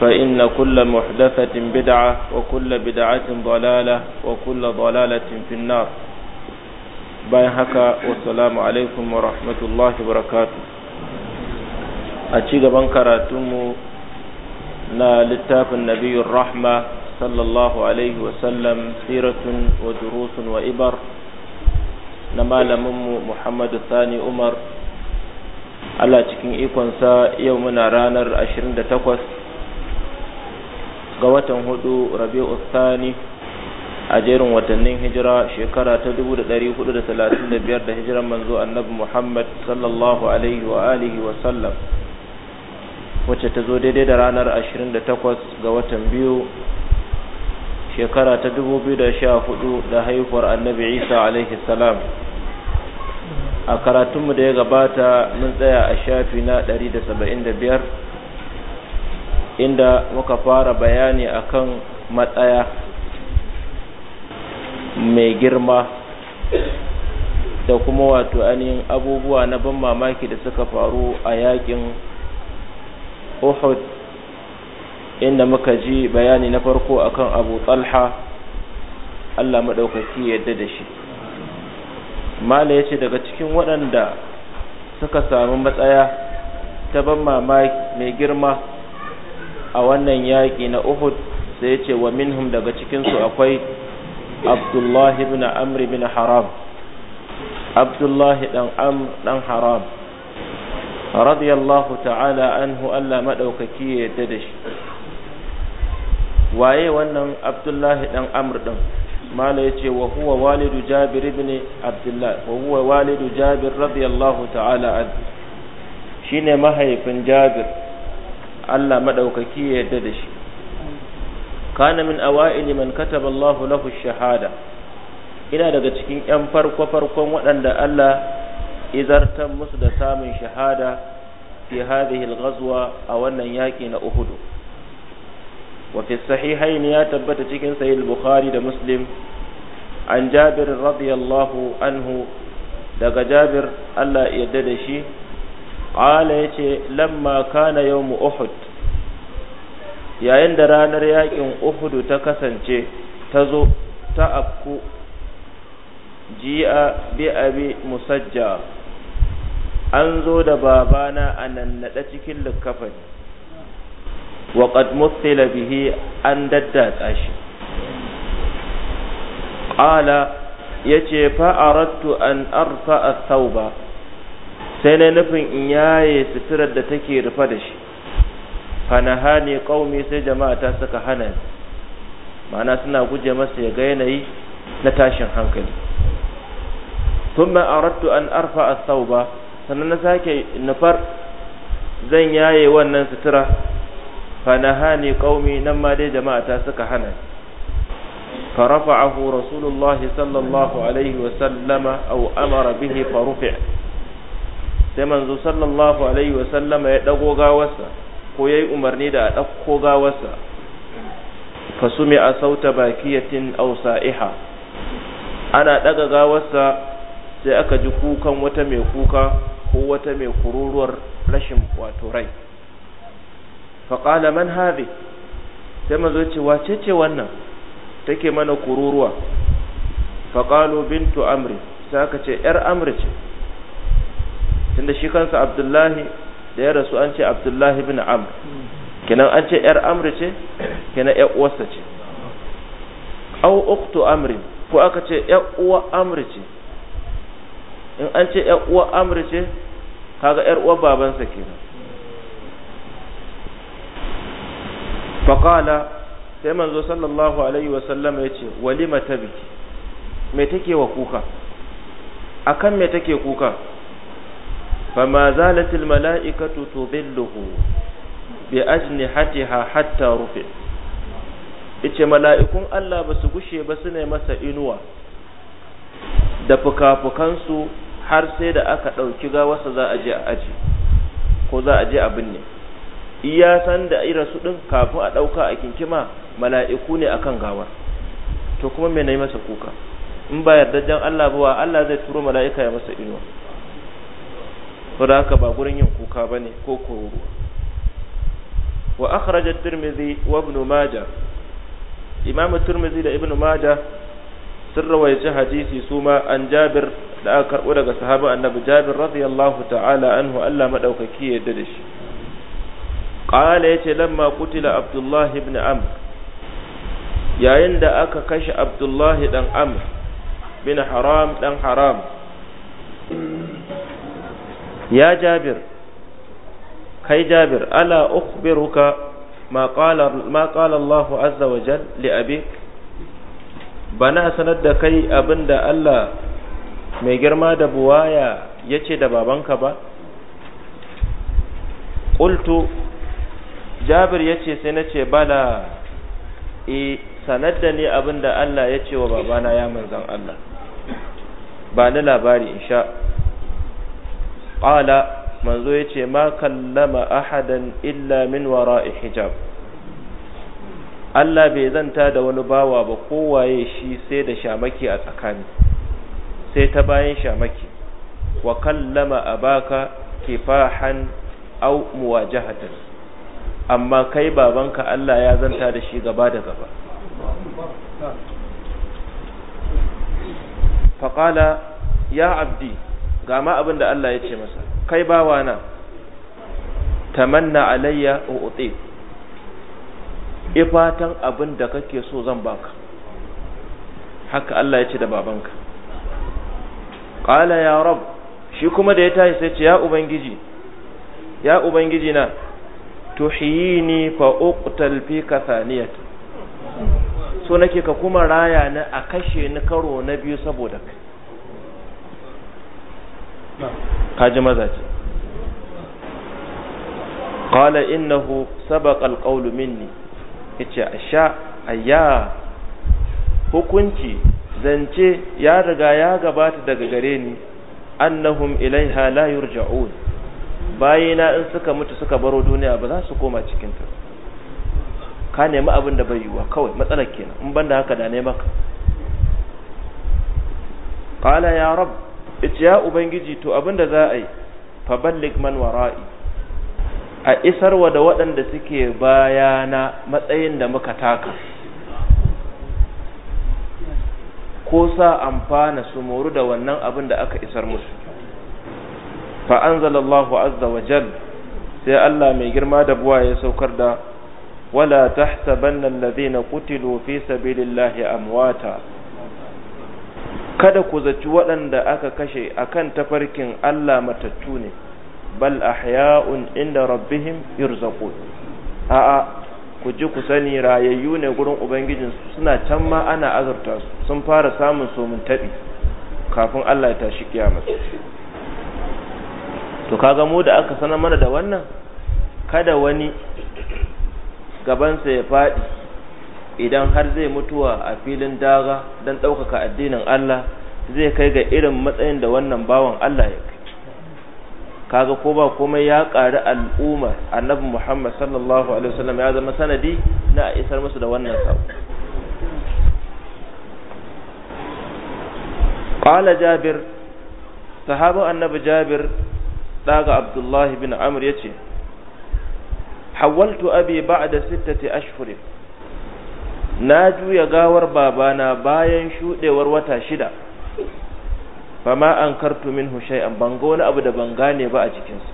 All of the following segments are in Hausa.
فإن كل محدثة بدعة وكل بدعة ضلالة وكل ضلالة في النار bayan haka wasalamu alaikum wa rahmatullahi barakatu a ci gaban karatunmu na littafin nabiyun rahma sallallahu alaihi wasallam siratun wa durusun wa ibar na malaminmu muhammadu sani umar ala cikin ikonsa yau muna ranar 28 ga watan hudu rabi ustani a jerin watannin hijira shekara ta 1435 da hijiran manzo annabi Muhammad sallallahu alaihi wa alihi wa sallam wacce ta zo daidai da ranar 28 ga watan biyu shekara ta 2014 da haihuwar annabi Isa alaihi salam a karatunmu da ya gabata mun tsaya a shafi na 175 inda muka fara bayani akan matsaya mai girma da kuma wato ainihin abubuwa na ban mamaki da suka faru a yakin uhud inda muka ji bayani na farko akan abu talha allah maɗaukaki yadda da shi mala ya ce daga cikin waɗanda suka samu matsaya ta ban mamaki mai girma a wannan yaƙi na Uhud sai ce wa minhum daga cikinsu akwai Abdullahi ibn Amr ibn Haram Abdullahi dan Amr dan Haram radiyallahu ta'ala anhu Allah madaukaki ya yarda da shi waye wannan Abdullahi dan Amr din mala yace wa huwa walidu Jabir ibn Abdullah wa huwa walidu Jabir radiyallahu ta'ala anhu shine mahaifin Jabir Allah madaukaki ya yadda da shi kana min awa'ili man kataba Allahu lahu shahada ina daga cikin yan farko farkon waɗanda Allah izartan musu da samun shahada fi hadhihi al-ghazwa a wannan yaki na Uhud wa fi ya tabbata cikin sahih al-Bukhari da Muslim an Jabir radiyallahu anhu daga Jabir Allah ya yarda da shi qala yace lamma kana mu uhud yayin da ranar yaƙin uhud ta kasance ta zo ta afku ji'a bi abi musajja an zo da babana a nannaɗe cikin likkafan wa qad muthila bihi an daddatsa shi qala yace fa aradtu an arfa ba. sai na nufin in yaye suturar da take rufe da shi fanaha ne ƙaumi sai jama'a ta saka hana ma'ana suna guje masa ya ga yanayi na tashin hankali tun a arattu an arfa a sau ba sannan na sake nufar zan yaye wannan sutura fanaha ne ƙaumi nan ma dai jama'a ta saka hana فرفعه رسول الله صلى الله عليه وسلم أو أمر به فرفع sai manzo sallallahu alaihi wasallama ya dago gawarsa ko yayi umarni da a dauko gawarsa fasumi a sauta bakiyatin aw sa'iha ana daga gawarsa sai aka ji kukan wata mai kuka ko wata mai kururuwar rashin wato rai faƙala man hadi sai manzo ce wace ce wannan take mana kururuwa qalu bintu amri sai aka ce ‘yar amri ce tunda shi kansa abdullahi da ya rasu an ce abdullahi bin amr kenan an ce yar amr ce kenan yar uwarsa ce au uqtu Amri ko aka ce yar uwa amr ce in an ce yar uwa amr ce kaga yar uwa babansa kenan faqala sai manzo sallallahu alaihi wa sallama yace walima tabiki me take wa kuka akan me take kuka فما زالت الملائكة تظله بأجنحتها حتى رفع ice mala'ikun Allah ba su gushe ba su ne masa inuwa da fuka-fukansu har sai da aka ɗauki gawarsa za a je a aji ko za a je a binne iya san da ira su ɗin kafin a ɗauka a kinkima mala'iku ne akan gawar to kuma me na yi masa kuka in ba yarda Allah ba wa Allah zai turo mala'ika ya masa inuwa saboda haka ba gurin yin kuka bane ko koruwa wa wa ibn majah da ibn maja sun rawaici hadisi suma an jabir da aka karbo daga sahabi annabi jabir radiyallahu ta'ala anhu Allah maɗaukaki ya yarda da shi ya yace lamma kutila Abdullahi ibn amr yayin da aka kashe Abdullahi ɗan amr bin haram dan haram ya jabir kai jabir ala ukhbiruka ma qala ma qala Allahu azza wa jal li abi bana sanar da kai abinda Allah mai girma da buwaya yace da babanka ba qultu jabir yace sai nace bala e sanar da ni abinda Allah yace wa babana ya manzan Allah ba ni labari insha qala manzo yace ma kallama ahadan illa min wara'i hijab Allah bai zanta da wani bawa ba kowaye shi sai da shamaki a tsakani sai ta bayan shamaki wa kallama abaka kifahan aw muwajahatan amma kai babanka Allah ya zanta da shi gaba da gaba faqala ya abdi ga ma abin da Allah ya ce masa kai bawa na. tamanna alayya u'ti ifatan abin da kake so zan baka haka Allah ya ce da babanka qala ya rab shi kuma da ya tashi sai ce ya ubangiji ya ubangiji na tuhiyini fa uqtal fi kathaniyati so nake ka kuma raya na a kashe ni karo na biyu saboda kai kaji mazaje qala innahu sabaqa alqawlu minni yace asha ayya hukunci zance ya riga ya gabata daga gare ni annahum ilaiha la yurja'un bayina in suka mutu suka baro duniya ba za su koma cikin ta ka nemi abin da bai yiwa kawai matsalar kenan in banda haka da ne maka qala ya rabb ita ya ubangiji to abinda za a yi faballik man wara'i a isar wa da waɗanda suke bayana matsayin da muka taka ko sa amfana su moru da wannan abin da aka isar musu fa anzalallahu azza wa jal sai Allah mai girma da buwa ya saukar da wala tahsabanna alladhina qutilu fi sabilillahi amwata kada ku zaci waɗanda aka kashe a kan tafarkin Allah matattu ne bal ahya'un inda rabbihim irzaƙo a'a ku ji ku sani rayayyu ne gurin ubangijin suna can ma ana azurta su sun fara samun somin tabi kafin Allah ya tashi kiyama to kaga mu da aka sanar mana da wannan kada wani gabansa ya faɗi idan har zai mutuwa a filin daga don ɗaukaka addinin Allah zai kai ga irin matsayin da wannan bawan Allah ya kai kaga ko ba komai ya ƙari al'umma annabi Muhammad sallallahu alaihi wasallam ya zama sanadi na isar musu da wannan sako qala jabir sahabu annabi jabir daga abdullahi bin amr yace hawaltu abi ba'da sittati ashhurin na juya gawar babana bayan shuɗewar wata shida fama an kartu min hushai ban bango wani abu da ban gane ba a cikinsu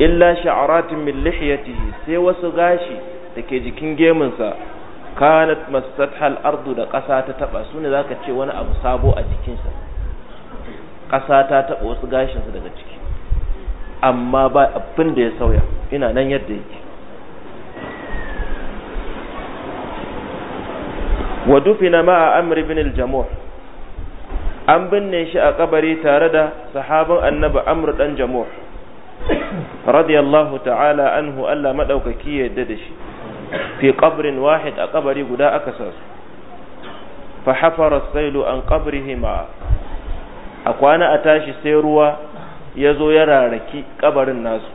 illa sha'aratin min lihiyatihi sai wasu gashi da ke jikin gemunsa kanat mastathal ardu da ƙasa ta taba su ne zaka ce wani abu sabo a jikinsa ƙasa ta taba wasu gashinsa daga ciki amma ba abin da ya sauya ina nan yadda yake wa dufina ma a amri bin an binne shi a kabari tare da sahabin annabi amr dan jamuh radiyallahu ta'ala anhu Allah madaukaki ya yadda da shi fi qabrin wahid a kabari guda aka sa su fa hafara sailu an ma. a kwana a tashi sai ruwa ya zo ya raraki kabarin nasu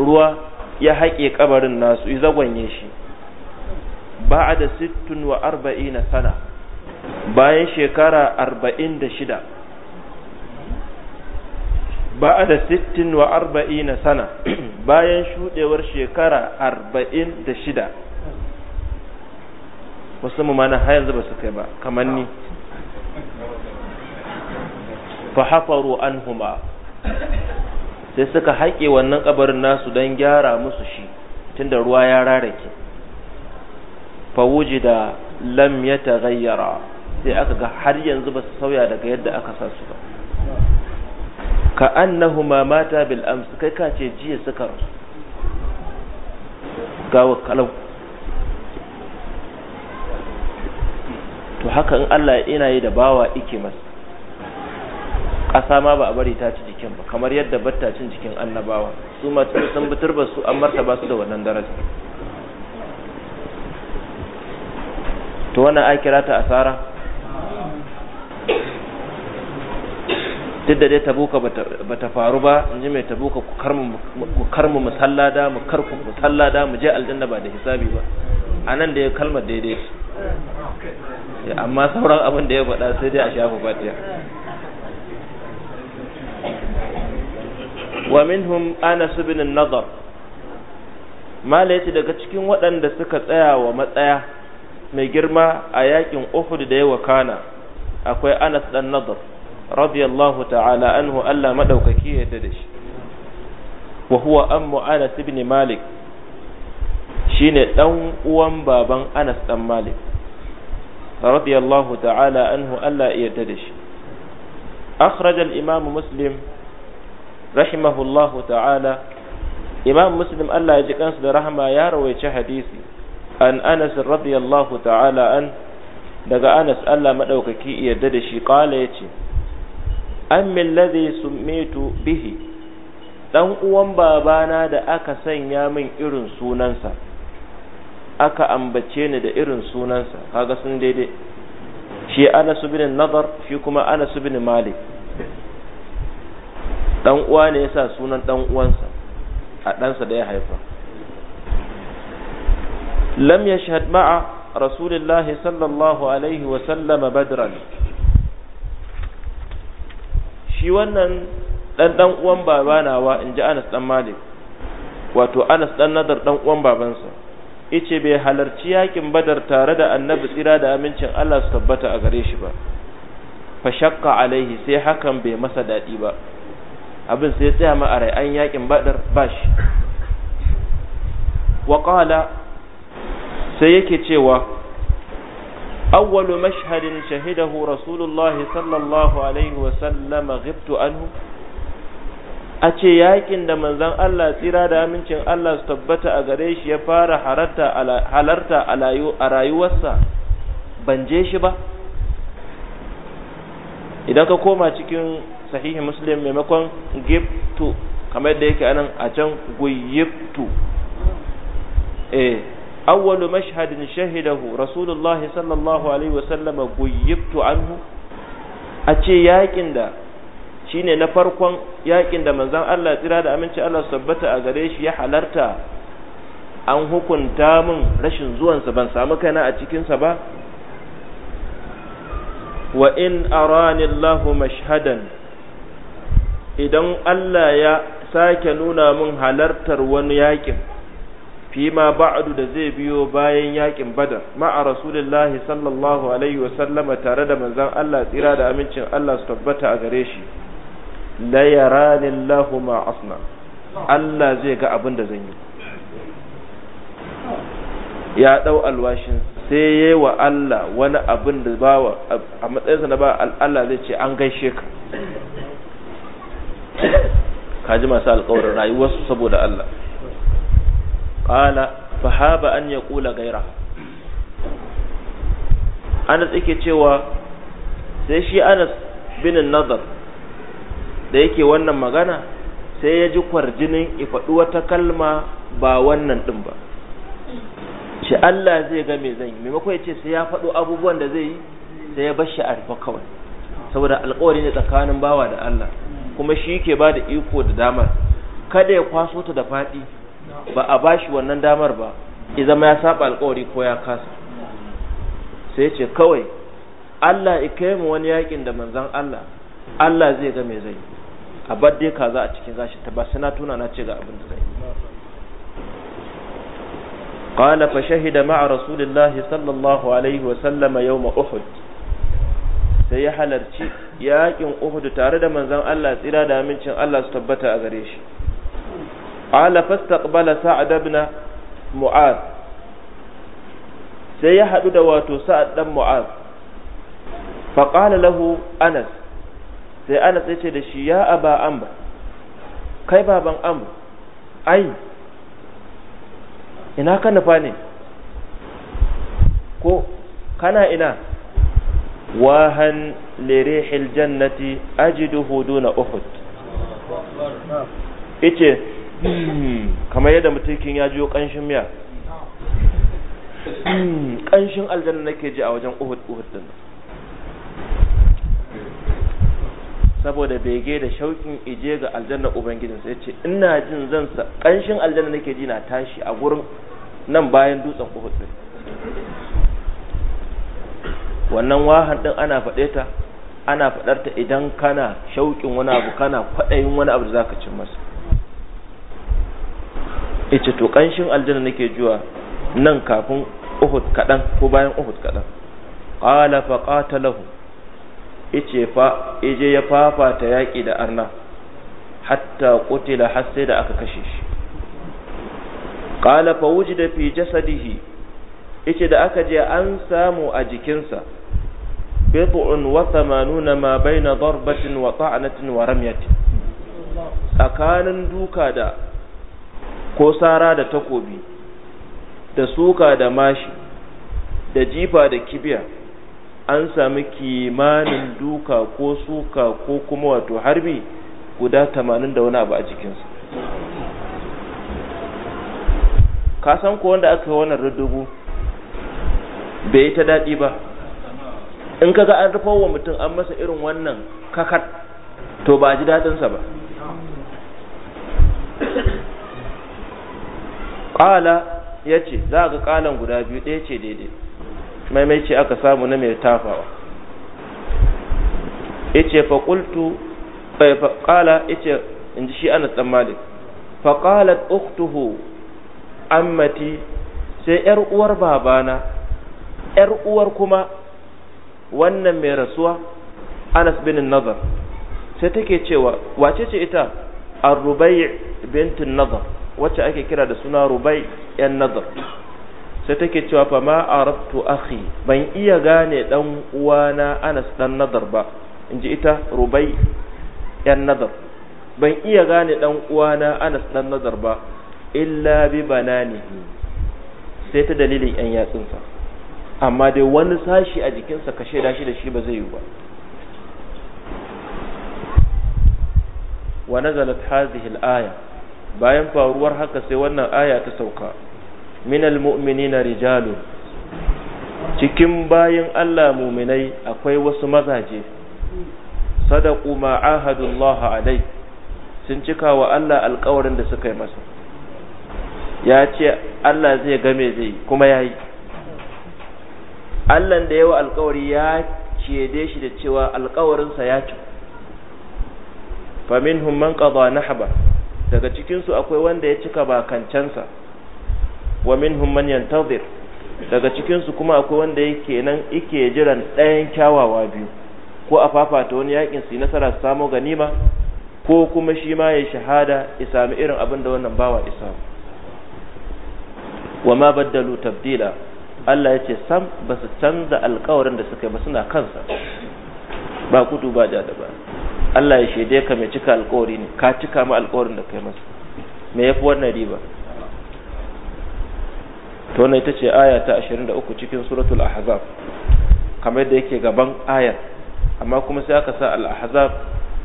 ruwa ya haƙe kabarin nasu ya zagwanye shi wa arba'ina sana bayan shekara 46 wa arba'ina sana bayan shudewar shekara 46 wasu mu mana har yanzu ba su kai ba kamar ni fa hafaru anhuma sai suka haƙe wannan kabarin nasu don gyara musu shi tunda ruwa ya rarake fawujida lam ya tagayyara sai aka ga har yanzu ba su sauya daga yadda aka sa su ba ka annahuma mata bil ams kai ka ce jiya suka rasu gawa kalau to haka in Allah ina yi da bawa ike masa ƙasa ma ba a bari ta ci jikin ba kamar yadda cin jikin annabawa su ma sun bitar ba su an martaba su da wannan daraja to wannan a kira ta asara duk da dai tabuka ba ta faru ba in ji mai tabuka ku karmu da mu karku da mu je aljanna ba da hisabi ba a nan da ya kalmar daidai amma sauran abin da ya faɗa sai dai a shafa fatiya wa minhum ana bin nadar nazar. yace daga cikin waɗanda suka tsaya wa matsaya mai girma a yakin Uhud da ya wakana akwai Anas dan Nadr radiyallahu ta'ala anhu Allah madaukaki ya yarda da shi wa huwa ammu Anas ibn Malik shine dan uwan baban Anas dan Malik radiyallahu ta'ala anhu Allah ya yarda da shi akhraj al-imam Muslim rahimahullahu ta'ala imam Muslim Allah ya ji kansa da rahama ya rawaice hadisi an anas radiyallahu ta'ala an daga anas Allah madaukaki yadda da shi kala yace min ladhi sumitu bihi dan uwan babana da aka sanya min irin sunansa aka ambace ni da irin sunansa kaga sun daidai shi Anas bin Nadar shi kuma Anas bin Malik dan uwa ne yasa sunan dan uwansa a ɗansa da ya haifa يشهد مع رسول الله sallallahu alaihi wa sallama badran shi wannan dan dan uwan baba nawa ji Anas dan Malik wato Anas dan Nadar dan uwan babansa yace bai halarci yakin Badar tare da Annabi tsira da amincin Allah su tabbata a gare shi ba fa shakka alaihi sai hakan bai masa dadi ba abin sai tsaya ma a rai an yakin Badar bashi wa qala sai yake cewa awwalu mashhadin shahidahu rasulullahi sallallahu alaihi wa sallama ghibtu anhu a ce yakin da manzon Allah tsira da amincin Allah su tabbata a gare shi ya fara halarta a rayuwarsa ban je shi ba idan ka koma cikin sahihi muslim maimakon ghibtu kamar da yake anan a can guyibtu eh awwalu mashhadin shahidahu rasulullah sallallahu alaihi wasallama guyibtu anhu a ce yakin da shine na farkon yaƙin da manzon Allah tsira da aminci Allah sabbata a gare shi ya halarta an hukunta min rashin zuwansa ban samu kaina a cikinsa ba wa in arani Lahu mashhadan idan Allah ya sake nuna min halartar wani yaƙin. fima baadu da zai biyo bayan yakin badar ma'a rasulullahi sallallahu alaihi wa sallama tare da manzon Allah tsira da amincin Allah su tabbata a gare shi la yarani asna Allah zai ga abin da zan yi ya dau alwashin sai yi wa Allah wani abin da ba wa a matsayinsa na ba Allah zai ce an gaishe ka kaji masu alƙawarin rayuwarsu saboda Allah qala haba an yaqula gaira Anas yake cewa sai shi Anas bin Nadar da yake wannan magana sai ya ji kwarjinin ifadu wata kalma ba wannan ɗin ba shi Allah zai ga me zan yi maimako ya ce sai ya faɗo abubuwan da zai yi sai ya bar shi a rufe kawai saboda alƙawari ne tsakanin bawa da Allah kuma shi ke ba da iko da damar kada ya kwaso ta da faɗi ba a bashi wannan damar ba ya zama ya saba alkawari ko ya kasa sai ce kawai Allah ya kai mu wani yakin da manzon Allah Allah zai ga me zai a bar dai kaza a cikin zashi ta ba sai na tuna na ce ga abin da zai قال فشهد مع رسول الله صلى الله عليه وسلم يوم أحد sai ya halarci yakin Uhud tare da manzon Allah tsira da amincin Allah su tabbata a gare shi qala fastaqbala sa'ad ibn mu'az sai ya haɗu da wato sa'ad dan mu'az fa lahu anas sai anas ya ce da shi ya aba amr kai baban am. ai ina ka nufa ne ko kana ina wahan lirihil jannati ajiduhu duna uhud ice kamar yadda mutukin ya jiyo kanshin miya kanshin aljanna nake ji a wajen uhud uhud din saboda bege da shauƙin ije ga aljanna ubangijinsa ya ce ina jin zan sa kanshin aljanna nake ji na tashi a gurin nan bayan dutsen uhud din wannan wahan din ana faɗe ta ana faɗarta idan kana shauƙin wani abu kana kwaɗayin wani abu da zaka cin masa ita to kanshin aljanna nake juwa nan kafin uhud kadan ko bayan uhud kadan. qala fa qatalahu ice fa ije ya fafata yaƙi da arna hatta qutila har sai da aka kashe shi qala fa wujida fi jasadihi ice da aka je an samu a jikinsa bid'un wa thamanuna ma baina darbatin wa ta'natin wa ramyatin tsakanin duka da ko sara da takobi da suka da mashi da jifa da kibiya an sami kimanin duka ko suka ko kuma wato harbi guda tamanin da wani abu a jikinsu kasan san ko wanda aka yi wannan rudubu bai yi ta daɗi ba in kaga an rufa wa mutum an masa irin wannan kakar to ba ji daɗinsa ba qala yace za ga kalan guda biyu ɗaya ce daidai maimaici aka samu na mai tafawa yace fa qultu fa qala yace inji shi ana dan Malik fa qalat ukhtuhu ammati sai yar uwar babana yar uwar kuma wannan mai rasuwa Anas bin Nadar sai take cewa wace ce ita Ar-Rubai' bint Nadar wacce ake kira da suna rubai yan nazar sai take cewa fa ma arabtu akhi ban iya gane dan uwana Anas dan nazar ba inji ita rubai yan nazar ban iya gane dan uwana Anas dan nazar ba illa bi bananihi sai ta dalilin yan yatsunsa amma dai wani sashi a jikinsa kashe da shi da shi ba zai yi ba ونزلت هذه hilaya. bayan faruwar haka sai wannan aya ta sauka minal mu'minina rijalu cikin bayan Allah muminai akwai wasu mazaje sadaqu ma ahadullah alai sun cika wa Allah alƙawarin da suka yi masa ya ce Allah zai game zai kuma yayi Allah da yawa alƙawari ya cede shi da cewa alƙawarinsa ya ci faminhum man qada nahba daga cikinsu akwai wanda ya cika bakancansa wa minhum man yantazir daga cikinsu kuma akwai wanda yake nan yake jiran ɗayan kyawawa biyu ko a fafata wani yakin su nasara su samu ganima ko kuma shi ma ya shahada ya sami irin abin da wannan bawa isa wa ma baddalu tabdila Allah ya ce sam ba su canza alkawarin da suka yi ba suna kansa ba kudu ba ja da ba Allah ya shaide ka mai cika alkawari ne ka cika ma alkawarin da kai masa me yafi wannan riba to ne ita ce aya ta 23 cikin suratul ahzab kamar yadda yake gaban ayar amma kuma sai aka sa al-ahzab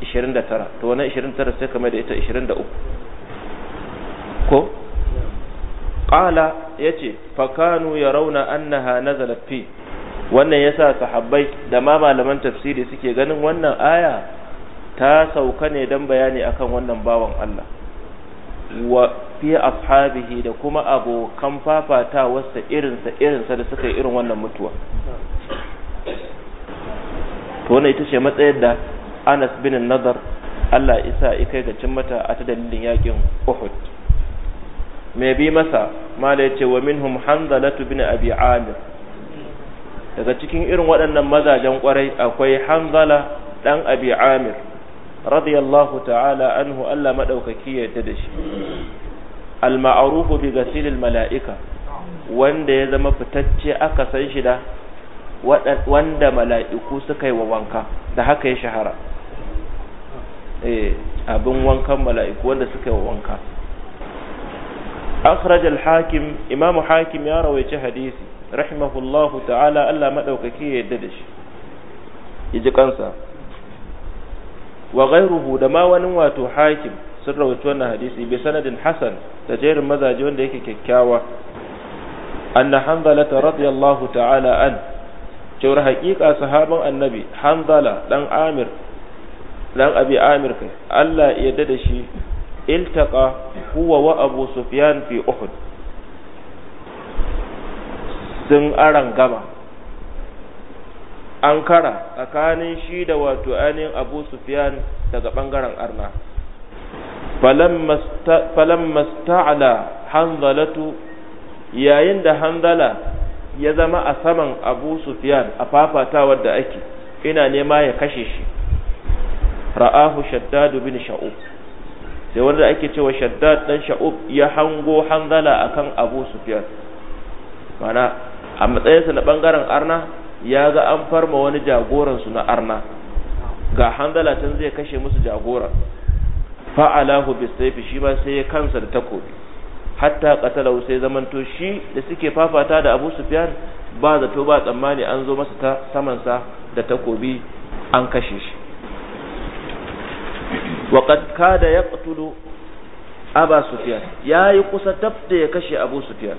29 to wannan 29 sai kamar da ita 23 ko qala yace fakanu yarawna annaha nazalat fi wannan yasa sahabbai da ma malaman tafsiri suke ganin wannan aya ta sauka ne don bayani akan wannan bawan Allah wa fi ashabihi da kuma abokan fafata sa irinsa irinsa da suka yi irin wannan mutuwa to wannan ita ce matsayar da Anas bin Nadar Allah isa ikai ga cin mata a ta dalilin yakin Uhud mai bi masa mala yace wa minhum Hanzalatu bin Abi Amir daga cikin irin waɗannan mazajen kwarai akwai Hanzala dan Abi Amir radiyallahu ta'ala anhu Allah madaukaki ya yarda da shi al ma'rufu bi ghasilil mala'ika wanda ya zama fitacce aka san shi da wanda mala'iku suka yi wa wanka da haka ya shahara eh abin wankan mala'iku wanda suka yi wa wanka akhraj al-hakim imamu hakim ya rawaici hadisi rahimahullahu ta'ala Allah madaukaki ya yarda da shi yaji kansa wa da ma wani wato hakim sun rawaito wannan hadisi bi sanadin hasan da jerin mazaje wanda yake kyakkyawa anna hanzala radiyallahu ta'ala an cewar haƙiƙa sahaban annabi hanzala dan amir dan abi amir kai Allah ya yarda da shi iltaqa huwa wa abu sufyan fi uhud sun aran gama Ankara tsakanin shi da wato ainihin abu sufiyan daga ɓangaren arna falan masta'ala hanzalatu yayin da hanzala ya zama a saman abu sufiyan a fafatawar da ake ina nema ya kashe shi ra'ahu shaddadu bin sha'ub sai wanda ake cewa shaddad dan sha'ub ya hango hanzala akan abu sufiyan mana a matsayinsa na ɓangaren arna ya ga an farma wani jagoransu na arna ga hangala tun zai kashe musu jagora fa'alahu bisayfi shi ba sai ya kansa da takobi hatta katalau sai zamanto shi da suke fafata da Abu Sufyan ba zato ba tsammani an zo masa ta sa da takobi an kashe shi waqad kada yaqtulu Aba Sufyan yayi kusa tafda ya kashe Abu Sufyan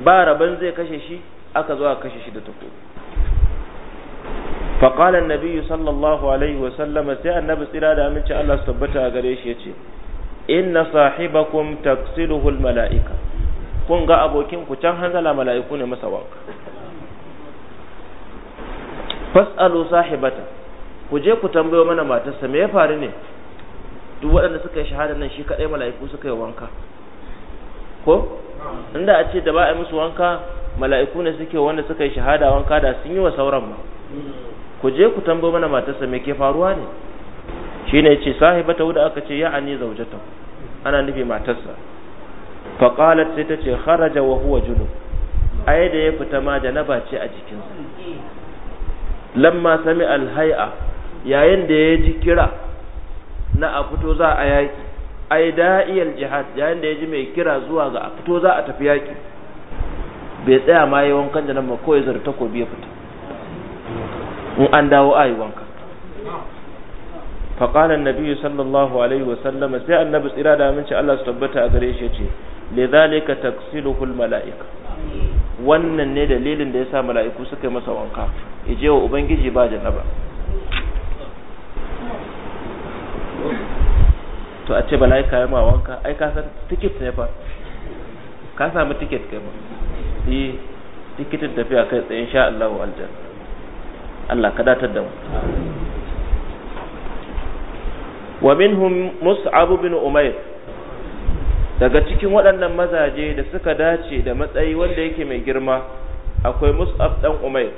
ba raban zai kashe shi aka zo a kashe shi da takobi فقال النبي صلى الله عليه وسلم سي النبي صلى الله عليه وسلم الله ثبتا gare shi yace inna sahibakum taksiluhu almalaika kun ga abokin ku can hanzala mala'iku ne masa wanka fasalu sahibata ku je ku tambayo mana matarsa me ya faru ne duk waɗanda suka yi shahada nan shi kadai mala'iku suka yi wanka ko inda a ce da ba a yi musu wanka mala'iku ne suke wanda suka yi shahada wanka da sun yi wa sauran ma ku je ku tambo mana matarsa me ke faruwa ne shine yace sahibata wuda aka ce ya'ani zaujata ana nufi matarsa fa qalat sai tace kharaja wa huwa ai da ya fita ma naba ce a jikinsa lamma sami alhai'a yayin da ya ji kira na a fito za a yaki ai da'iyal jihad yayin da ya ji mai kira zuwa ga a fito za a tafi yaki bai tsaya ma yi wankan da nan ba ko ya zara takobi ya fita in an dawo a yi wanka faƙala nabi sallallahu alaihi wasallam sai annabi tsira da aminci Allah su tabbata a gare shi ce le zalika taksiluhul mala'ika wannan ne dalilin da ya sa mala'iku suka yi masa wanka ya je wa ubangiji ba ba. to a ce mala'ika ya ma wanka ai ka san tiket ne fa ka samu tiket kai ma eh tikitin tafiya kai tsaye insha Allah wa aljan Allah ka datar da mu wa minhum mus'ab bin umair daga cikin waɗannan mazaje da suka dace da matsayi wanda yake mai girma akwai mus'ab dan umair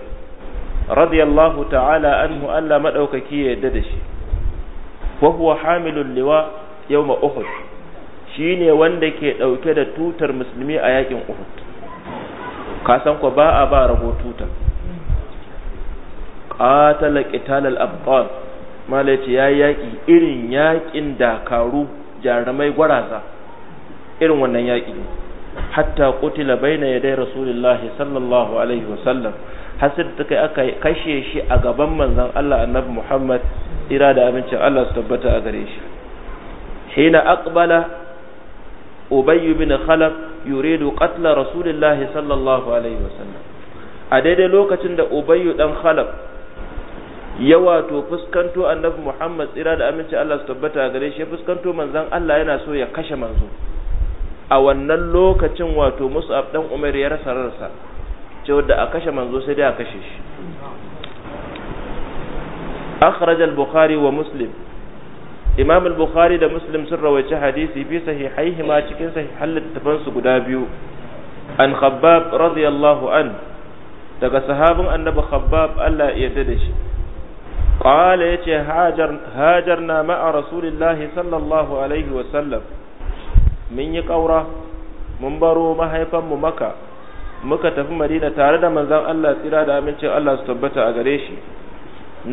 radiyallahu ta'ala anhu Allah madaukaki ya yarda da shi wa huwa hamilul liwa yawma uhud shine wanda ke dauke da tutar musulmi a yakin uhud ka san ko ba a ba rago tuta qital al abqal mala yace yayi yaki irin yakin dakaru jarumai gwaraza irin wannan yaki hatta qutila baina yaday rasulillahi sallallahu alaihi wasallam hasir ta kai aka kashe shi a gaban manzon Allah annabi Muhammad ira da abincin Allah su tabbata a gare shi hina aqbala ubay bin khalaf yuridu qatla rasulillahi sallallahu alaihi wasallam a daidai lokacin da ubayyu dan khalaf ya wato fuskanto annabi Muhammad tsira da aminci Allah su tabbata gare shi fuskanto manzon Allah yana so ya kashe manzo a wannan lokacin wato Mus'ab dan Umar ya rasa rarsa cewa da a kashe manzo sai dai a kashe shi akhraj al-bukhari wa muslim imam al-bukhari da muslim sun rawaici hadisi fi sahihaihi ma cikin sahihan littafan su guda biyu an khabbab radiyallahu an daga sahabin annabi khabbab Allah ya yarda da shi qala yace hajar hajarna ma'a rasulillahi sallallahu alaihi wa sallam mun yi kaura mun baro mahaifan mu maka muka tafi madina tare da manzon Allah tsira da amincin Allah su tabbata a gare shi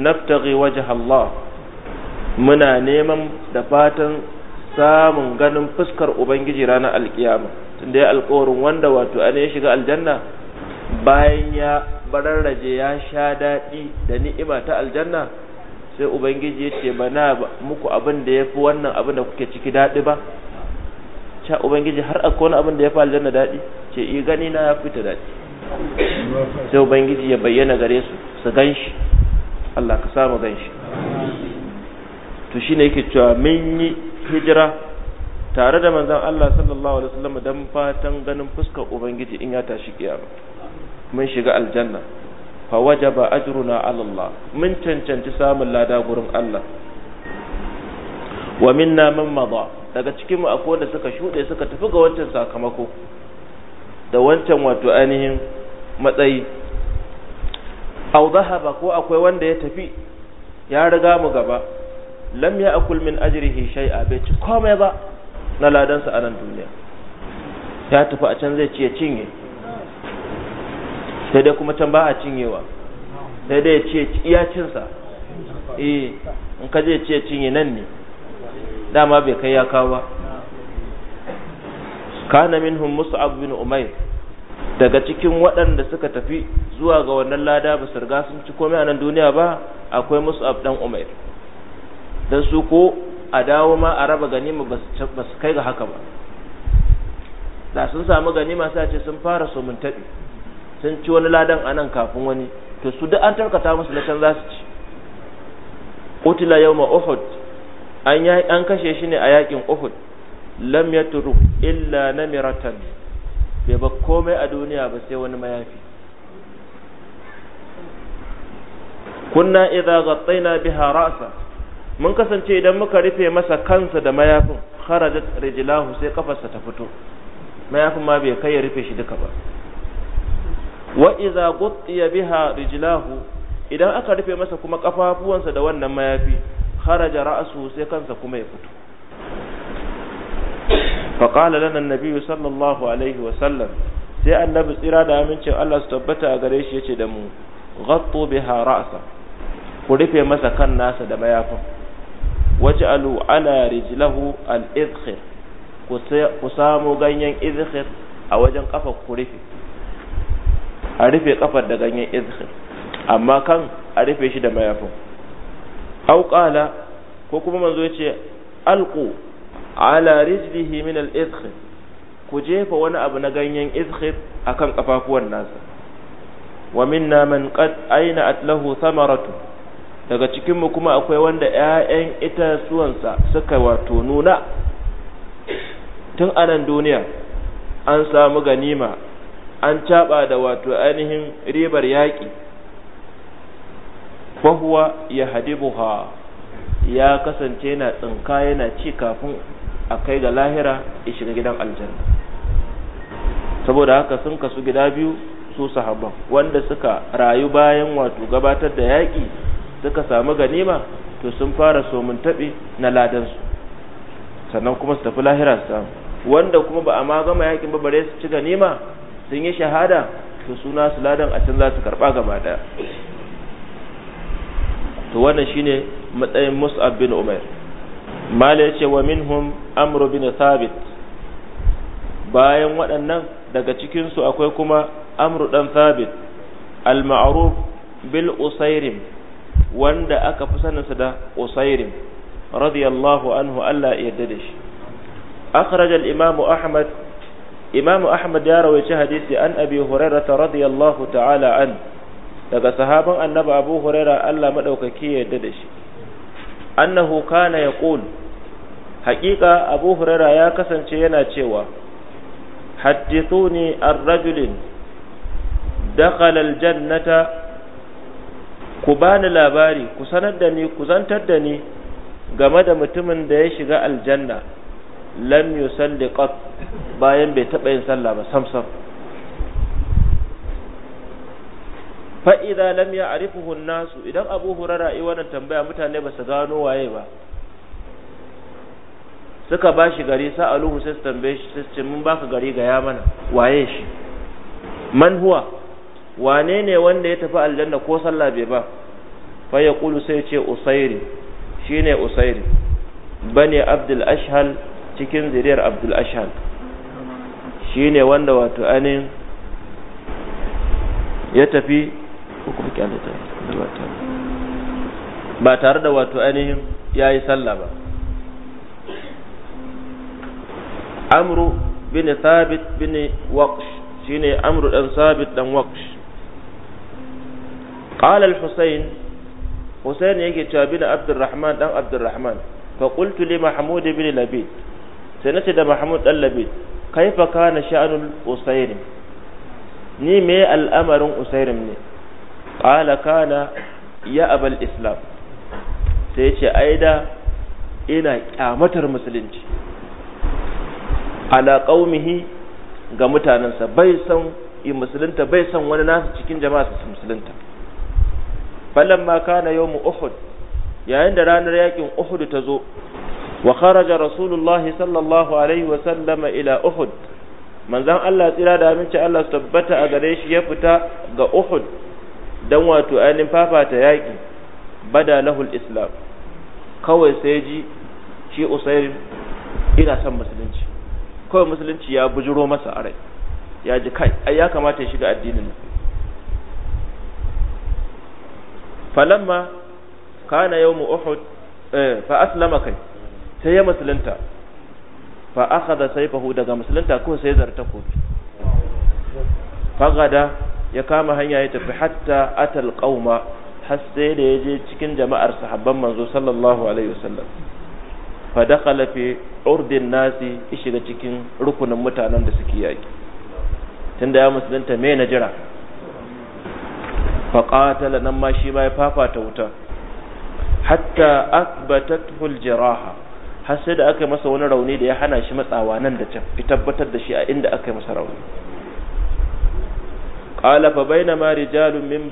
naftaghi wajha Allah muna neman da fatan samun ganin fuskar ubangiji ranar alkiyama tunda ya alkawarin wanda wato an ya shiga aljanna bayan ya bararraje ya sha daɗi da ni'ima ta aljanna sai ubangiji ya ce bana muku abin da ya fi wannan abin da kuke ciki daɗi ba sha ubangiji har a wani abin da ya fi aljanna daɗi ce i eh, gani na ya fita daɗi sai ubangiji ya bayyana gare su su ganshi allah ka samu gan shi to shine yake cewa mun yi hijira tare da manzon Allah sallallahu alaihi wasallam dan fatan ganin fuskar ubangiji in ya tashi kiyama mun shiga aljanna fa wajaba ajruna ala Allah mun cancanci samun lada gurin Allah wa minna man mada daga cikin mu akwai da suka shude suka tafi ga wancan sakamako da wancan wato ainihin matsayi au zahaba ko akwai wanda ya tafi ya riga mu gaba lam ya akul min ajrihi shay'a bai ci komai ba na ladansa a nan duniya ya tafi a can zai ci ya cinye sai dai kuma can ba a cinyewa sai dai ya ce iya cinsa eh in ka je ce cinye nan ne dama bai kai ya kawo ba kana minhum mus'ab bin umayr daga cikin waɗanda suka tafi zuwa ga wannan lada ba su riga sun ci komai a nan duniya ba akwai mus'ab dan umayr don su ko a dawo ma a raba ganima ba su kai ga haka ba da sun samu ganima sai ce sun fara somin taɓi sun ci wani ladan a nan kafin wani to su duk an tarkata musu na can za su ci qutila yawma uhud an an kashe shi ne a yakin uhud lam yatru illa namiratan bai ba komai a duniya ba sai wani mayafi kunna idza ghattaina biha ra'sa mun kasance idan muka rufe masa kansa da mayafin kharajat rijlahu sai kafarsa ta fito mayafin ma bai kai ya rufe shi duka ba wa idza qutiya biha rijlahu idan aka rufe masa kuma kafafuwansa da wannan mayafi kharaja ra'su sai kansa kuma ya fito qala lana an nabiy sallallahu alaihi wa sallam sai annabi tsira da amincin Allah su tabbata a gare shi yace da mu ghattu biha ra'sa ku rufe masa kan nasa da mayafin waj'alu ala rijlahu al-idkhir ku samu ganyen idkhir a wajen kafar ku rufe a rufe kafar da ganyen idkhir amma kan a rufe shi da mayafin aw qala ko kuma manzo yace alqu ala rijlihi min al-idkhir ku jefa wani abu na ganyen idkhir akan kafafuwan nasa wa minna man qad aina atlahu thamaratu daga cikinmu kuma akwai wanda 'ya'yan sa suka wato nuna tun anan duniya an samu ganima an caɓa da wato ainihin ribar yaƙi fahuwa ya hadibuha ya kasance na tsinka yana ci kafin a kai ga lahira ya shiga gidan aljanna saboda haka sun kasu gida biyu su sahabban wanda suka rayu bayan wato gabatar da yaƙi suka samu ganima to sun fara somin taɓe na su sannan kuma su tafi lahira su samu wanda kuma ba a ma gama yakin ba bare su ci ganima sun yi shahada to suna su ladan a can za su karɓa gaba ɗaya to wannan shine matsayin mus'ab bin umair mala yace wa minhum amru bin sabit bayan waɗannan daga cikinsu akwai kuma amru dan sabit al-ma'ruf bil usairim wanda aka fi saninsa da usairim radiyallahu anhu Allah ya yarda shi akhraj imamu ahmad imamu ahmad ya rawaici hadisi an abi hurairah radiyallahu ta'ala an daga sahaban annabi abu hurairah Allah madaukaki ya yarda shi annahu kana yaqul haqiqa abu hurairah ya kasance yana cewa hadithuni ar-rajulin dakhala al-jannata ku bani labari ku sanar da ni ku zantar da ni game da mutumin da ya shiga aljanna lam yusalli qat bayan bai taba yin sallah ba sam sam fa idza lam ya'rifuhu an-nas idan Abu hurara ai wannan tambaya mutane ba su gano waye ba suka ba shi gari sa'aluhu sai su tambaye shi sai su ce mun baka gari ga ya mana waye shi man huwa wane ne wanda ya tafi aljanna ko sallah bai ba fa ya kulu sai ce usairi shine usairi bane abdul ashhal cikin zuriyar abdul ashhal shine wanda wato anin ya tafi ba tare da wato ainihin ya yi sallah ba amru bin thabit bin waqsh shine amru dan sabit dan waqsh qala al-husayn husayn yake cewa abdurrahman dan abdurrahman fa qultu li mahmud ibn labid sai nace da mahmud dan labid kaifa na sha'anul usayr ni me al'amarin usayr ne qala kana ya abal islam sai ce aida ina kyamatar musulunci ala qaumihi ga mutanansa bai san musulunta bai san wani nasu cikin jama'a su musulunta falamma kana yawmu uhud yayin da ranar yakin uhud ta zo wa kharaja rasulullah sallallahu alaihi wa sallama ila uhud manzon Allah tsira da aminci Allah su tabbata a gare shi ya fita ga uhud dan wato ainihin fafata yaki bada lahul islam kawai sai ji shi usairin ina son musulunci kawai musulunci ya bujiro masa a rai ya ji kai ai ya kamata ya shiga addinin nan falamma kana yawmu uhud eh, fa aslama kai sai ya musulunta fa akhadha sayfahu daga musulunta ko sai zarta kofi fagada ya kama hanya ya tafi hatta atal qauma har sai da yaje cikin jama'ar sahabban manzo sallallahu alaihi wasallam fa dakhala fi urdin nasi shiga cikin rukunin mutanen da suke yaki tunda ya musulunta me na jira faƙatala nan ma shi ma ya fafata wuta hatta akbatatul jiraha har sai da aka yi masa wani rauni da ya hana shi matsawa nan da can fi tabbatar da shi a inda aka yi masa rauni qala fa ma rijalun min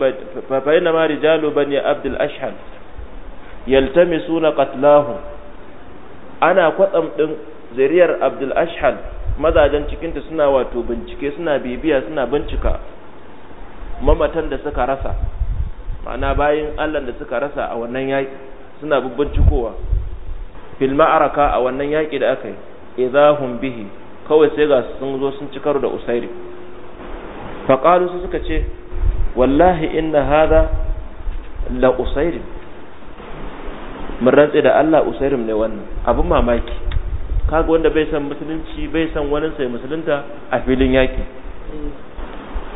fa bainama rijalu bani abdul ashhal yaltamisuna qatlahum ana kwatsam din zariyar abdul ashhal mazajen cikinta suna wato bincike suna bibiya suna bincika mamatan da suka rasa ma'ana bayan Allah da suka rasa a wannan yaƙi suna bincikowa fil ma'araka a wannan yaƙi da aka yi idahum bihi kawai sai ga sun zo sun cikar karo da usairi faqalu su suka ce wallahi inna hada la usairi mun rantse da Allah usairi ne wannan abin mamaki kaga wanda bai san musulunci bai san wani sai musulunta a filin yaƙi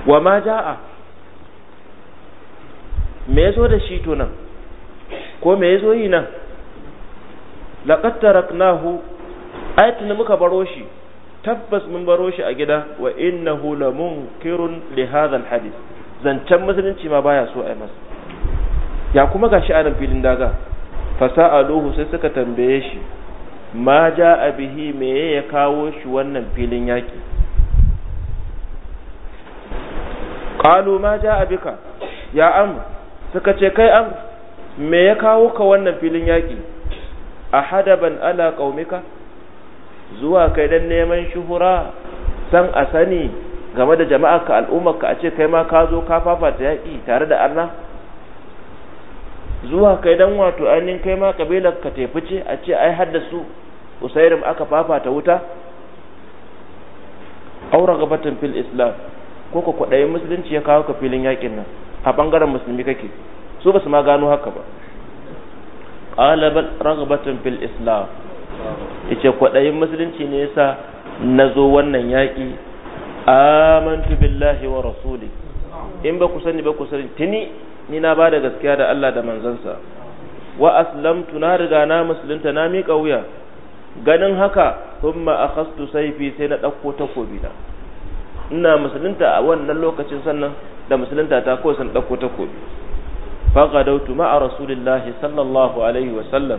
wa ma ja'a me ya da shi to nan ko me ya yi nan laqad taraknahu ne muka baro shi tabbas mun baro shi a gida wa innahu lamunkirun li hadha alhadith zancen musulunci ma baya so ai masa ya kuma gashi a filin daga fasa'aluhu sai suka tambaye shi ma ja'a bihi me ya kawo shi wannan filin yaki qalu ma ja'a bika ya amr suka ce kai an me ya kawo ka wannan filin yaƙi a hadaban ala ƙaumika zuwa kai don neman shuhura san a sani game da jama'ar ka al'ummar ka a ce kai ma ka zo ka fafata yaƙi tare da Allah? zuwa kai don wato ainihin kai ma ƙabilar ka tefi ce a ce ai su usairim aka fafata wuta aura gabatin fil islam ko ka kwaɗayi musulunci ya kawo ka filin yaƙin nan a bangaren musulmi kake su ba su ma gano haka ba qala bal ragbatun fil islam yace kwaɗayin musulunci ne yasa nazo wannan yaki amantu billahi wa rasuli in ba ku sani ba ku sani tuni ni na ba da gaskiya da Allah da manzansa wa aslamtu na riga na musulunta na miƙa wuya ganin haka thumma akhastu sayfi sai na ɗauko takobi na ina musulunta a wannan lokacin sannan da musulunta ta ko san dauko takobi faghadautu ma'a rasulillahi sallallahu alaihi wa sallam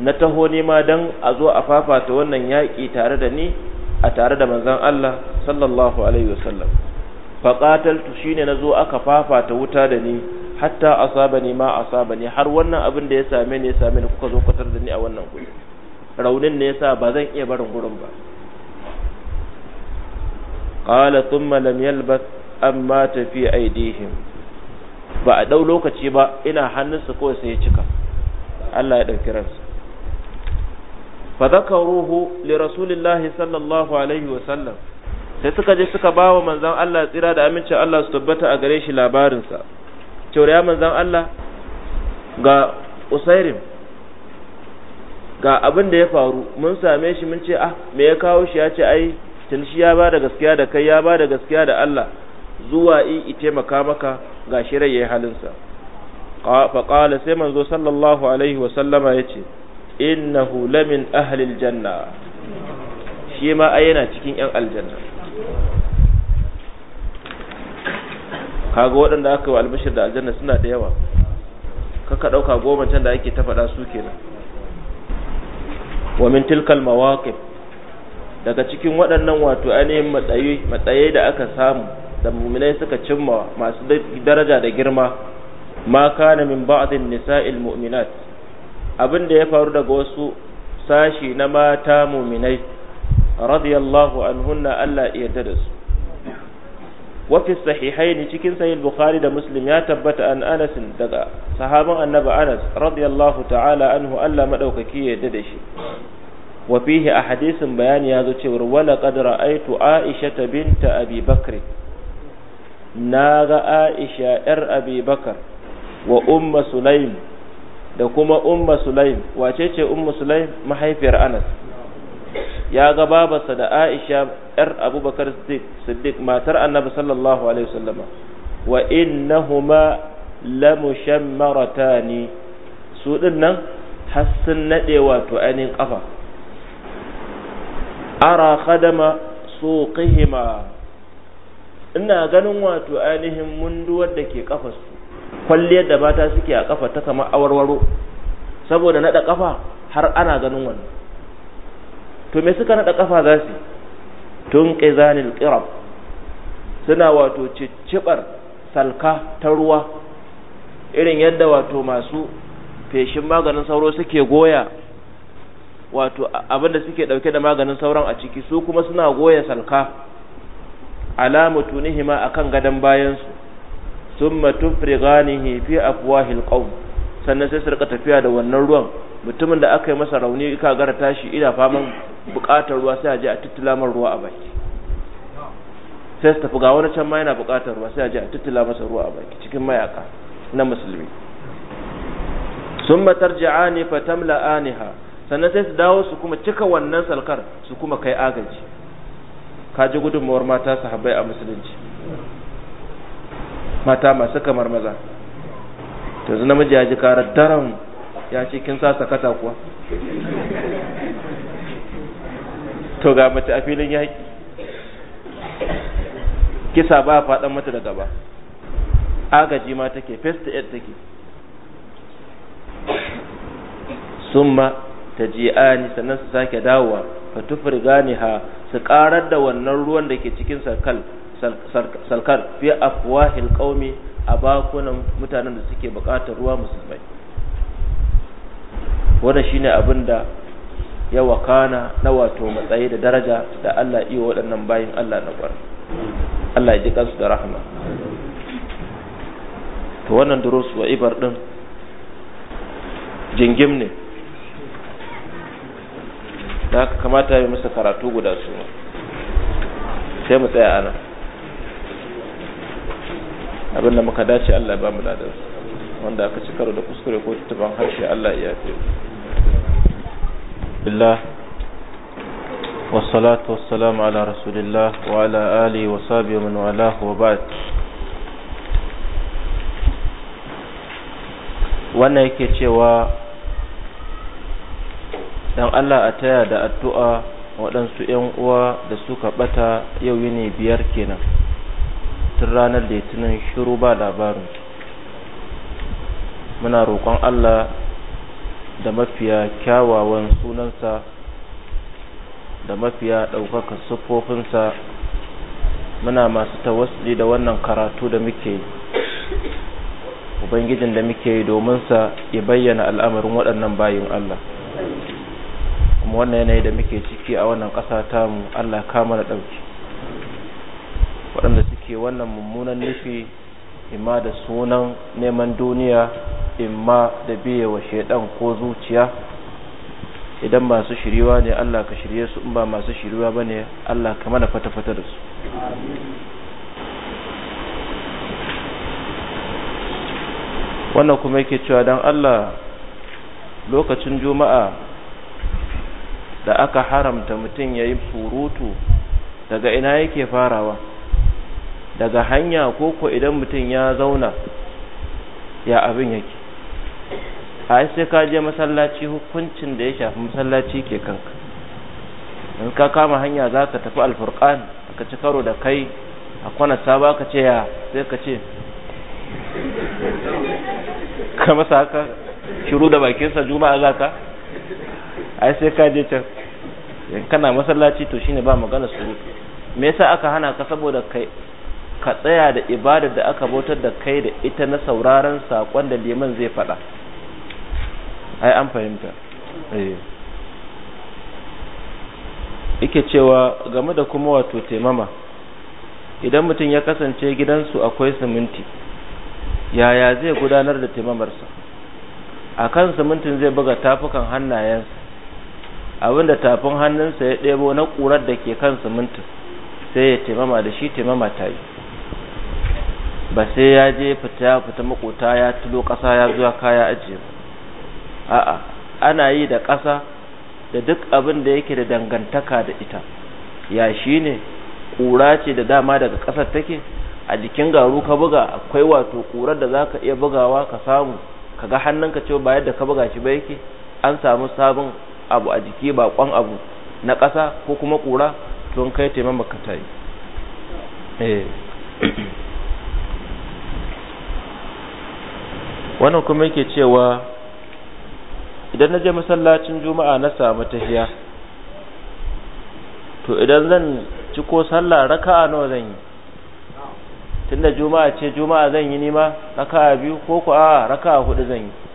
na taho ma dan a zo a fafata wannan yaki tare da ni a tare da manzon Allah sallallahu alaihi wa sallam faqataltu shine na zo aka fafata wuta da ni hatta asabani ma asabani har wannan abin da ya same ni ya same ni kuka zo kwatar da ni a wannan guri raunin ne yasa ba zan iya barin gurin ba qala thumma lam yalbas amma aidihim ba a dau lokaci ba ina hannunsa ko sai ya cika Allah ya dauki ransa fa zakaruhu li rasulillahi sallallahu alaihi wa sallam sai suka je suka ba wa manzon Allah tsira da amincin Allah su tabbata a gare shi labarinsa cewa ya manzon Allah ga usairim ga abin da ya faru mun same shi mun ce ah me ya kawo shi ya ce ai tun shi ya ba da gaskiya da kai ya bada da gaskiya da Allah zuwa i taimaka maka ga shi rai yayi halinsa fa qala sai manzo sallallahu alaihi wa sallama yace innahu lamin ahli aljanna shi ma ai yana cikin yan aljanna kaga waɗanda aka yi wa albashir da aljanna suna da yawa kaka ɗauka goma can da ake ta faɗa su kenan wa min tilkal mawaqif daga cikin waɗannan wato ainihin matsayi da aka samu da muminai suka cimma masu daraja da girma ma kana min ba'dhin nisa'il mu'minat abin da ya faru daga wasu sashi na mata muminai radiyallahu anhunna Allah ya yarda da su wa fi sahihaini cikin sahih bukhari da muslim ya tabbata an anas daga sahaban annabi anas radiyallahu ta'ala anhu Allah madaukaki ya yarda da shi wa fihi a hadisin bayani ya zo cewar wala qad ra'aytu aisha binta abi bakr na ga aisha yar abi wa umma sulaim da kuma umma sulaim wace ce umma sulaim mahaifiyar anas ya ga babarsa da aisha yar abubakar siddiq matar annabi sallallahu alaihi wasallama wa innahuma lamushammaratani su din nan har sun nade wato ainihin kafa ara kadama suqihima ina ganin wato ainihin munduwar da ke su kwalliyar da mata suke a kafa ta kama awarwaro saboda naɗa kafa har ana ganin wani. to me suka naɗa kafa za su tun qizanil qirab suna wato cicciɓar salka ta ruwa irin yadda wato masu feshin maganin sauro suke goya wato abin da suke dauke da maganin sauran a ciki su kuma suna goya salka alama tunihima akan gadan bayansu summa tufriganihi fi afwahil qawm sannan sai su rika tafiya da wannan ruwan mutumin da aka yi masa rauni ka gara tashi ina faman bukatar ruwa sai a je a tuttula man ruwa a baki sai su tafi ga wani can ma yana bukatar ruwa sai a je a tuttula masa ruwa a baki cikin mayaka na musulmi summa tarji'ani fatamla'aniha sannan sai su dawo su kuma cika wannan salkar su kuma kai agaji ka ji gudunmawar mata su habai a musulunci mata masu kamar maza Ta yanzu namiji ya ji karar daren ya ce kin sa sakata kuwa to ga mace a filin yaƙi kisa ba a faɗan mata da gaba agaji ma take first aid take summa ta taji'ani sannan su sake dawowa fa tufriganiha su karar da wannan ruwan da ke cikin sarkal sarkal fi afwahil qaumi a bakunan mutanen da suke bukatar ruwa musulmai wannan shine abin da ya wakana na wato matsayi da daraja da Allah iya waɗannan bayin Allah na kwar Allah ya ji kansu da rahama to wannan durusu wa ibar din jingim ne da haka kamata ya masa karatu guda su sai mu tsaya ana abin muka dace Allah ya ba mu ladan wanda aka ci karo da kuskure ko tuban harshe Allah ya yafe billah wa wassalamu ala rasulillah wa ala ali wa sabi wa man walah wa ba'd wannan yake cewa dan Allah a taya da addu'a waɗansu ‘yan uwa da suka ɓata yau ne biyar kenan tun ranar litinin shiru ba labarin muna roƙon Allah da mafiya kyawawan sunansa da mafiya ɗaukaka siffofinsa muna masu tawasli da wannan karatu da muke yi ubangijin da muke yi domin sa ya bayyana al'amarin waɗannan bayin Allah kuma wannan yanayi da muke ciki a wannan ƙasa ta mu Allah ka mana ɗauki waɗanda suke wannan mummunan nufi imma da sunan neman duniya imma da biye wa shaidan ko zuciya idan masu shiriwa ne Allah ka shirye su in ba masu shiriwa ba ne Allah ka mana fata-fata da su wannan kuma yake cewa don Allah lokacin juma'a da aka haramta mutum ya yi furutu daga ina yake farawa daga hanya ko ko idan mutum ya zauna ya abin yake a sai ka je masallaci hukuncin da ya shafi masallaci ke kanka in ka kama hanya za ka tafi alfurkan ka ci karo da kai a kwanasa ba ka ce ya sai ka ce ka masa haka shiru da bakinsa juma'a za ka ai sai ka je can kana masallaci to shine ba magana surutu me yasa aka hana ka saboda kai ka tsaya da ibadar da aka bautar da kai da ita na sauraron sakon da liman zai faɗa ai an fahimta eh yake cewa game da kuma wato taimama idan mutum ya kasance gidansu akwai siminti yaya zai gudanar da taimamarsa a kan simintin zai buga tafukan hannayensa abinda tafin hannunsa ya ɗebo na ƙurar da ke kan simintin sai ya taimama da shi taimama ta yi ba sai ya je fita fita makota ya tulo ƙasa ya zuwa kaya ajiye ba a'a ana yi da ƙasa da duk abin da yake da dangantaka da ita ya shi ne ƙura ce da dama daga ƙasar take a jikin garu ka buga akwai wato ƙurar da za ka iya bugawa ka samu ka ga hannunka ce ba yadda ka buga shi ba yake an samu sabon abu a jiki bakon abu na ƙasa ko kuma ƙura don kai taimama ta yi. Eh. wannan kuma yake cewa idan na je masallacin juma'a na samu tahiya to idan zan ci ko sallah raka'a nawa zan yi tunda juma'a ce juma'a zan yi nima raka'a biyu ko ku a raka'a hudu zan yi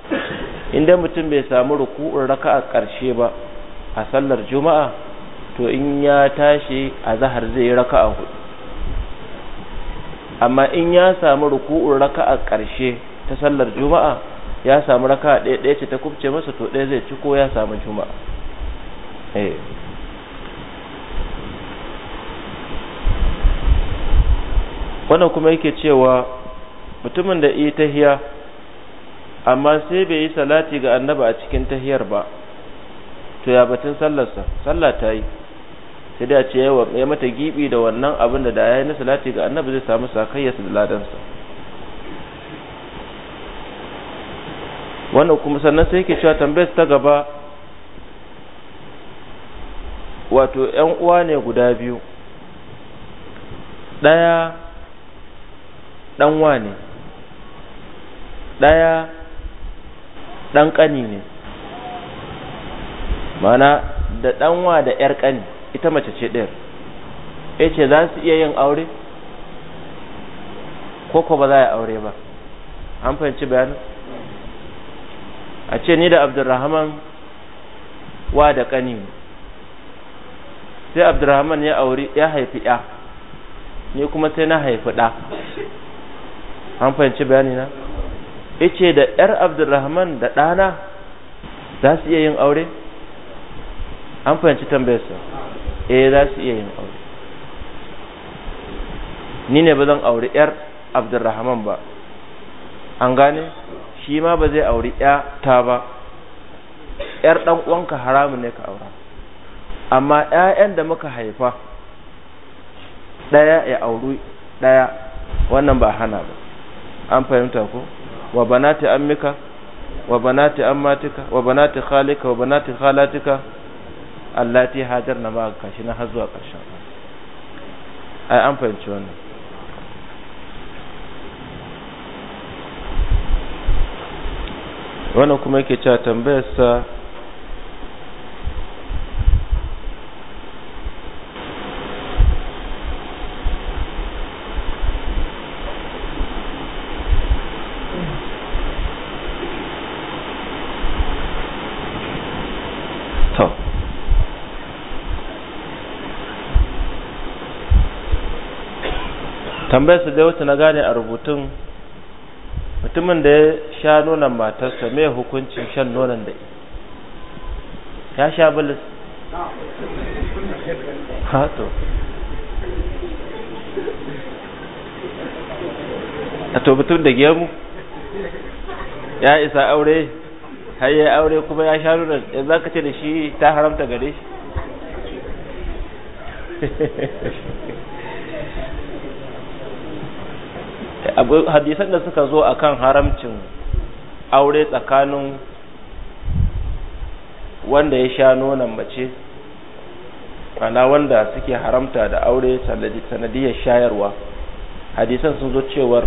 inda mutum bai samu ruku'un raka'a ƙarshe ba a sallar juma'a to in ya tashi a zahar zai yi raka'a hudu amma in ya samu ruku'un raka'a ƙarshe ta sallar juma'a ya samu raka'a ɗaya ɗaya ce ta kubce masa to ɗaya zai ci ko ya samu juma'a eh wannan kuma yake cewa mutumin da ita tahiya amma sai bai yi salati ga annaba a cikin tahiyar ba to ya batun sallarsa sallah ta yi sai da ce ya mata gibi da wannan abin da da ya yi na salati ga annaba zai samu sakayyarsa da ladansa wannan kuma sannan sai yake cewa tambayar ta gaba wato ‘yan uwa ne guda biyu ɗaya ɗan wa ne ɗaya ɗan ƙani ne mana da ɗanwa da ‘yar ƙani ita mace ce ɗayar ya eh, ce za su iya yin aure ko ko ba za a aure ba an fahimci bayanin a ce ni da abdurrahman wa da ƙani ne sai abdurrahman ya auri ya haifi ya ni kuma sai na haifi ɗa an fahimci bayani na yace da yar abdurrahman da ɗana za su iya yin aure an fahimci tambayarsa eh za su iya yin aure ni ne ba zan aure yar abdurrahman ba an gane shi ma ba zai aure ya ta ba yar dan uwanka haramun ne ka aura amma ƴaƴan da muka haifa ɗaya ya auri ɗaya wannan ba hana ba an fahimta ko wa banati ammika wa banati ammatika wa banati khalika wa banati khalatika allati hajarna ma kashi na har zuwa karshen. ai an fahimci wannan wannan kuma yake cewa sa. tambayar su dai wata na gane a rubutun mutumin da ya sha nonon matarsa mai hukuncin shan nonon da ya sha bilis hato a to mutum da gemu ya isa aure har aure kuma ya sha nonon ya za ka ce da shi ta haramta gare shi hadisan da suka zo akan haramcin aure tsakanin wanda ya sha nonon mace ana wanda suke haramta da aure sanadiyar shayarwa hadisan sun zo cewar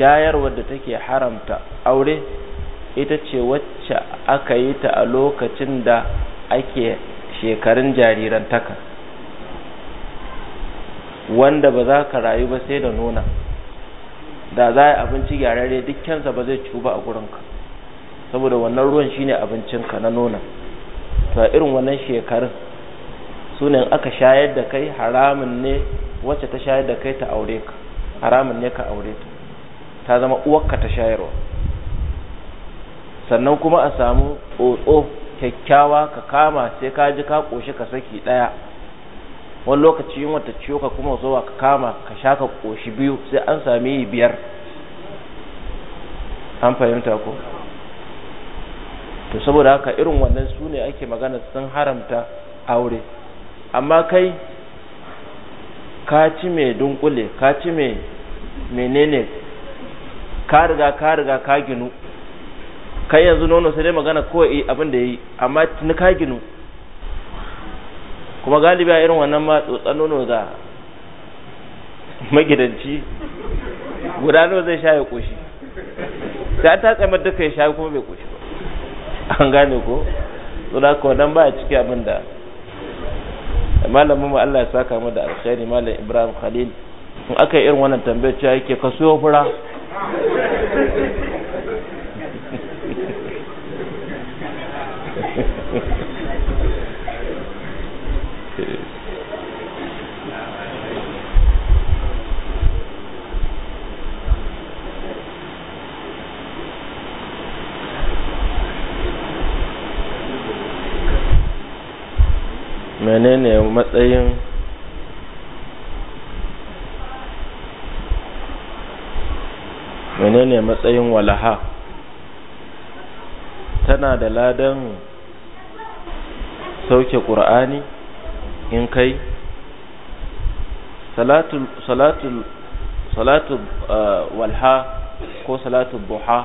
shayarwar da take haramta aure ita ce wacce aka yi ta a lokacin da ake shekarun jarirantaka wanda ba za ka rayu ba sai da nuna da za a yi abinci gyararre dukkansa ba zai cuba a gurinka saboda wannan ruwan shine abincin ka na nona to a irin wannan shekarun sunan aka shayar da kai haramun ne wacce ta shayar da kai ta aure ka haramun ne ka aure ta ta zama uwarka ta shayarwa sannan kuma a samu tsotso kyakkyawa ka kama sai ka ji ka koshi ka saki ɗaya wani lokaci yin wata ciwo ka kuma zuwa ka kama ka sha ka koshi biyu sai an sami yi biyar an fahimta ko to saboda haka irin wannan su ne ake magana sun haramta aure amma kai ka ci mai dunkule ka ci mai menene ka riga ka riga ka ginu kai yanzu nono sai dai magana kawai eh, abin da yi amma tuni ka ginu kuma galibi a irin wannan ma tsotsan nono ga magidanci guda nawa zai sha ya ƙoshi sai ta tsamar duka ya sha kuma bai ƙoshi ba an gane ko tsura ko nan ba a ciki abin da malamin Allah ya saka mu da alkhairi malam Ibrahim Khalil in aka yi irin wannan tambayar cewa yake kaso fura matsayin menene matsayin walaha tana da ladan sauke ƙur'ani in kai salatul uh, walha ko salatul buha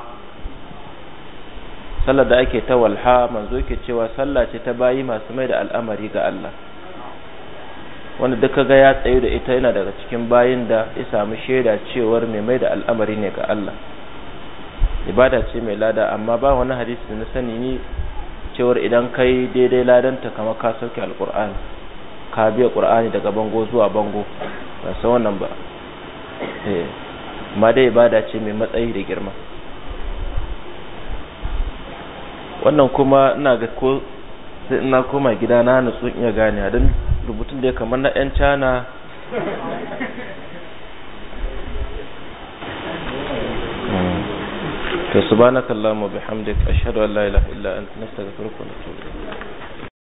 sallar da ake ta walha manzo ke cewa sallah ce ta bayi masu mai da al'amari ga Allah wanda duk kaga ya tsayu da ita yana daga cikin bayin da ya samu shaida cewar mai mai da al'amari ne ga Allah ibada ce mai lada amma ba wani hadisi da na sani ni cewar idan kai daidai ladanta kamar ka sauke alqur'ani ka biya qur'ani daga bango zuwa bango ba san wannan ba eh, amma dai ibada ce mai matsayi da girma wannan kuma ina ga ko sai ina koma gidana na nutsu in iya gane dan rubutun da ya kamar na 'yan cana hmm. to subhanakallahumma bihamdika ashhadu an la ilaha illa anta nastaghfiruka wa natubu